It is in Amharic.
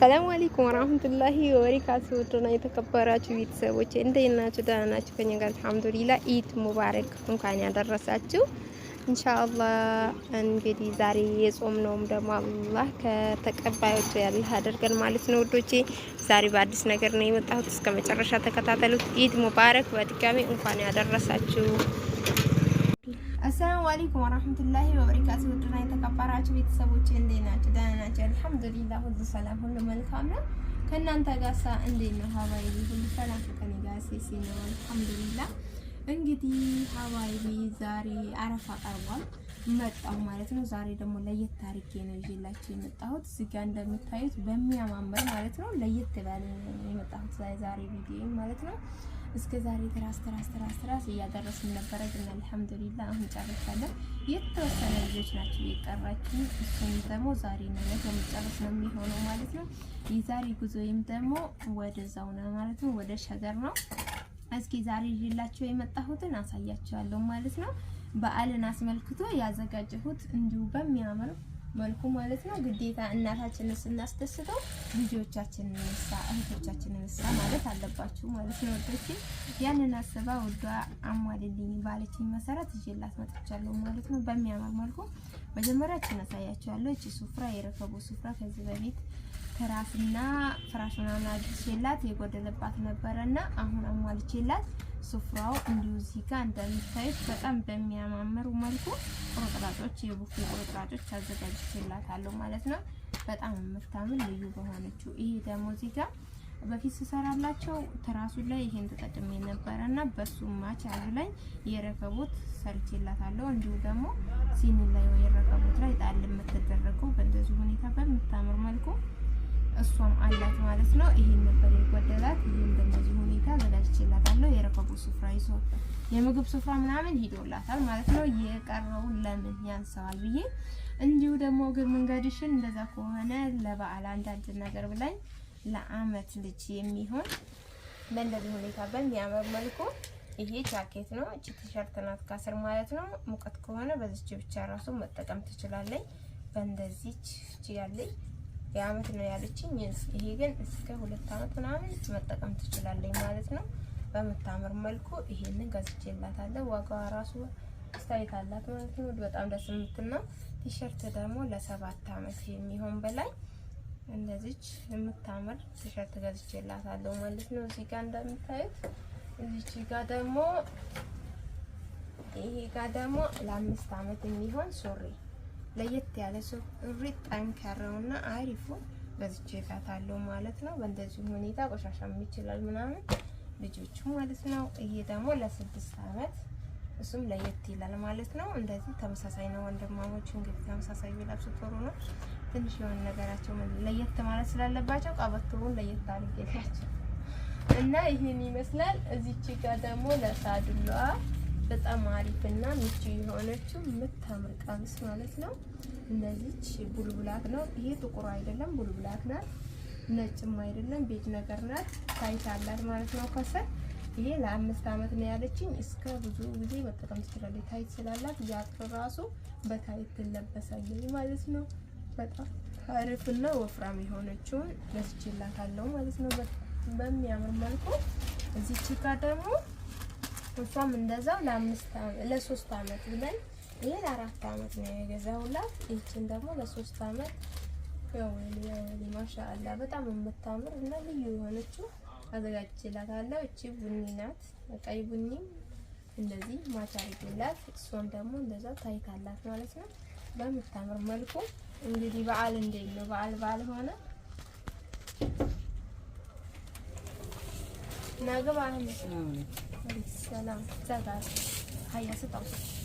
ሰላም አለይኩም ወራህመቱላሂ ወበረካቱ። ውድና የተከበራችሁ ቤተሰቦች እንዴት ናችሁ? ደህና ናችሁ? ከኛ ጋር አልሐምዱሊላህ። ኢድ ሙባረክ፣ እንኳን ያደረሳችሁ። ኢንሻአላህ እንግዲህ ዛሬ የጾም ነውም ደግሞ አላህ ከተቀባዮች ያለህ አድርገን ማለት ነው። ውዶቼ ዛሬ በአዲስ ነገር ነው የወጣሁት። እስከ መጨረሻ ተከታተሉት። ኢድ ሙባረክ። በድጋሚ እንኳን ያደረሳችሁ አሰላሙ አለይኩም ወራህመቱላሂ ወበረካቱ። ውድና የተከበራችሁ ቤተሰቦች እንዴት ናችሁ? ደህና ናችሁ? አልሐምዱሊላህ ሁሉ ሰላም፣ ሁሉ መልካም ነው። ከእናንተ ጋሳ እንዴት ነው ሀባይቢ? ሁሉ ሰላም ከኔ ጋር ሴሴ ነው አልሐምዱሊላህ። እንግዲህ ሀባይቢ ዛሬ አረፋ ቀርቧል መጣሁ ማለት ነው። ዛሬ ደግሞ ለየት አድርጌ ነው ይዤላችሁ የመጣሁት። እዚህ ጋር እንደምታዩት በሚያማምር ማለት ነው ለየት ባለ የመጣሁት ዛሬ ቪዲዮ ማለት ነው እስከ ዛሬ ትራስ ትራስ ትራስ ትራስ እያደረስን ነበረ፣ ግን አልሐምዱሊላ አሁን ጨርሳለን። የተወሰነ ልጆች ናቸው የቀራችን። እሱም ደግሞ ዛሬ ነው የምጨርስ ነው የሚሆነው ማለት ነው። የዛሬ ጉዞይም ደግሞ ወደዛው ነው ማለት ነው፣ ወደ ሸገር ነው። እስኪ ዛሬ ይዤላቸው የመጣሁትን አሳያቸዋለሁ ማለት ነው። በዓልን አስመልክቶ ያዘጋጀሁት እንዲሁ በሚያምር መልኩ ማለት ነው። ግዴታ እናታችንን ስናስደስተው ልጆቻችንን እንሳ እህቶቻችንን እንሳ ማለት አለባችሁ ማለት ነው። ወዶች ያንን አስባ ወዷ አሟልልኝ ባለችኝ መሰረት እጄላት መጥቻለሁ ማለት ነው። በሚያምር መልኩ መጀመሪያችን አሳያችኋለሁ። እቺ ሱፍራ የረከቡ ሱፍራ ከዚህ በፊት ትራስና ፍራሽ ምናምን አድርሼላት የጎደለባት ነበረና አሁን አሟልቼላት ስፍራው እንዲሁ እዚህ ጋር እንደምታዩት በጣም በሚያማምሩ መልኩ ቁርጥራጮች የቡፌ ቁርጥራጮች አዘጋጅቼላታለሁ ማለት ነው። በጣም የምታምን ልዩ በሆነችው ይሄ ደግሞ እዚህ ጋር በፊት ስሰራላቸው ትራሱ ላይ ይሄን ተጠቅሜ ነበረ እና በሱ ማች አሉ ላይ የረከቦት ሰርቼላታለሁ። እንዲሁ ደግሞ ሲኒ ላይ ወይ ረከቦት ላይ ጣል የምትደረገው በእንደዚህ ሁኔታ በምታምር መልኩ እሷም አላት ማለት ነው። ይሄን ነበር የጎደላት። ይህም በእንደዚህ ሁኔታ የረ ስፍራ ይዞ የምግብ ስፍራ ምናምን ሂዶላታል ማለት ነው። የቀረውን ለምን ያንሰዋል ብዬ እንዲሁ ደግሞ እግር መንገድሽን እንደዛ ከሆነ ለበዓል አንዳንድ ነገር ብላኝ ለአመት ልጅ የሚሆን በእንደዚህ ሁኔታ በሚያምር መልኩ ይሄ ጃኬት ነው። እቺ ቲሸርት ናት ከስር ማለት ነው። ሙቀት ከሆነ በዚች ብቻ ራሱ መጠቀም ትችላለኝ። በእንደዚች እቺ ያለኝ የአመት ነው ያለችኝ። ይሄ ግን እስከ ሁለት አመት ምናምን መጠቀም ትችላለኝ ማለት ነው። በምታምር መልኩ ይሄንን ገዝቼላታለሁ። ዋጋዋ ራሱ አስተያየት አላት ማለት ነው። በጣም ደስ የምትል ነው። ቲሸርት ደግሞ ለሰባት አመት የሚሆን በላይ እንደዚች የምታምር ቲሸርት ገዝቼላታለሁ ማለት ነው። እዚህ ጋር እንደምታዩት እዚች ጋር ደግሞ ይሄ ጋር ደግሞ ለአምስት አመት የሚሆን ሱሪ ለየት ያለ ሱሪ ጠንከረውና አሪፉ ገዝቼላታለሁ ማለት ነው። በእንደዚህ ሁኔታ ቆሻሻም ይችላል ምናምን ልጆቹ ማለት ነው። ይሄ ደግሞ ለስድስት አመት እሱም ለየት ይላል ማለት ነው። እንደዚህ ተመሳሳይ ነው። ወንድማሞች እንግዲህ ተመሳሳይ ቢለብሱ ጥሩ ነው። ትንሽ የሆነ ነገራቸው ለየት ማለት ስላለባቸው ቀበቶውን ለየት አድርጌላቸው እና ይህን ይመስላል። እዚች ጋር ደግሞ ለሳድሏ በጣም አሪፍ እና ምቹ የሆነችው የምታምር ቀሚስ ማለት ነው። እነዚች ቡልቡላት ነው። ይሄ ጥቁር አይደለም፣ ቡልቡላት ናት። ነጭም አይደለም ቤጅ ነገር ናት። ታይት አላት ማለት ነው ከስር ይሄ ለአምስት አመት ነው ያለችኝ። እስከ ብዙ ጊዜ መጠቀም ትችላለች። ታይት ስላላት ያጥር ራሱ በታይት ትለበሳለች ማለት ነው። በጣም አሪፍ አሪፍና ወፍራም የሆነችውን ገዝቼላታለሁ ማለት ነው በሚያምር መልኩ። እዚህ ጋር ደግሞ እሷም እንደዛው ለአምስት አመት ለሶስት አመት ብለን ይሄ ለአራት አመት ነው የገዛሁላት። ይህችን ደግሞ ለሶስት አመት ማሻአላ በጣም የምታምር እና ልዩ የሆነችው አዘጋጅቼላታለሁ። እቺ ቡኒ ናት፣ ቀይ ቡኒም እንደዚህ ማች አድርጌላት፣ ደግሞ እንደዛ ታይታላት ማለት ነው በምታምር መልኩ። እንግዲህ በዓል እንዴት ነው? በዓል በዓል ሆነ። ነገ ሰላም ሀያ ስጣው